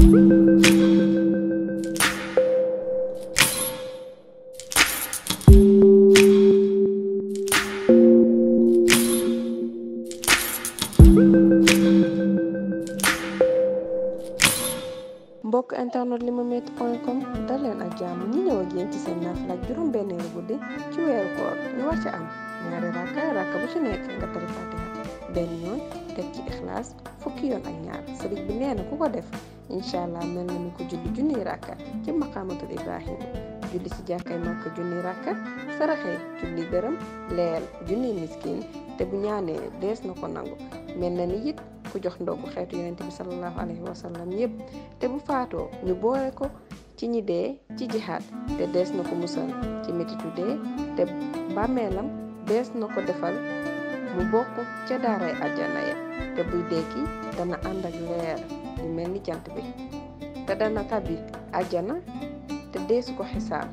mbokk internet limametti point com dal leen ak jàmm ñi ñëw ak yéen ci seen naafila ak juróom ci weeru koor ñu war ci am ñaari rakka rakka bu ci nekk nga benn yoon teg ci ixlaas fukki yoon ak ñaar sëriñ bi nee ku ko def incha allah mel na ni ko julli junniy ràkka ci maqaamatul ibrahima julli ci jàkkay màkk junniy ràkka saraxe julli dërëm leel junniy miskin te bu ñaanee dees na ko nangu mel na ni ku jox ndogu xeetu yonente bi salallahu alayhi wa sallam yëpp te bu faatoo ñu boole ko ci ñi dee ci jihaad te dees na ko musal ci métitu dee te bàmmeelam dees na ko defal mu bokk aja naya àjjana ya te buy dekki dana ànd ak leer yu aja ni jant bi te dana tabbi àjjana te deesu ko xisaab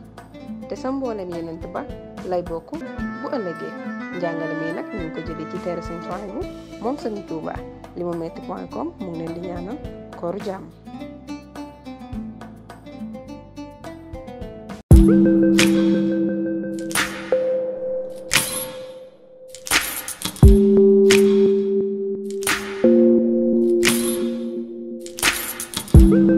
te sa mbooleem yenent ba lay bokk bu elege njàngale mi nag ñu ngi ko jëlee ci teere Sëñ Suhaybu moom Sëñ Tuuba limametti point com mu ngi di ñaanal kooru thank you Thank you.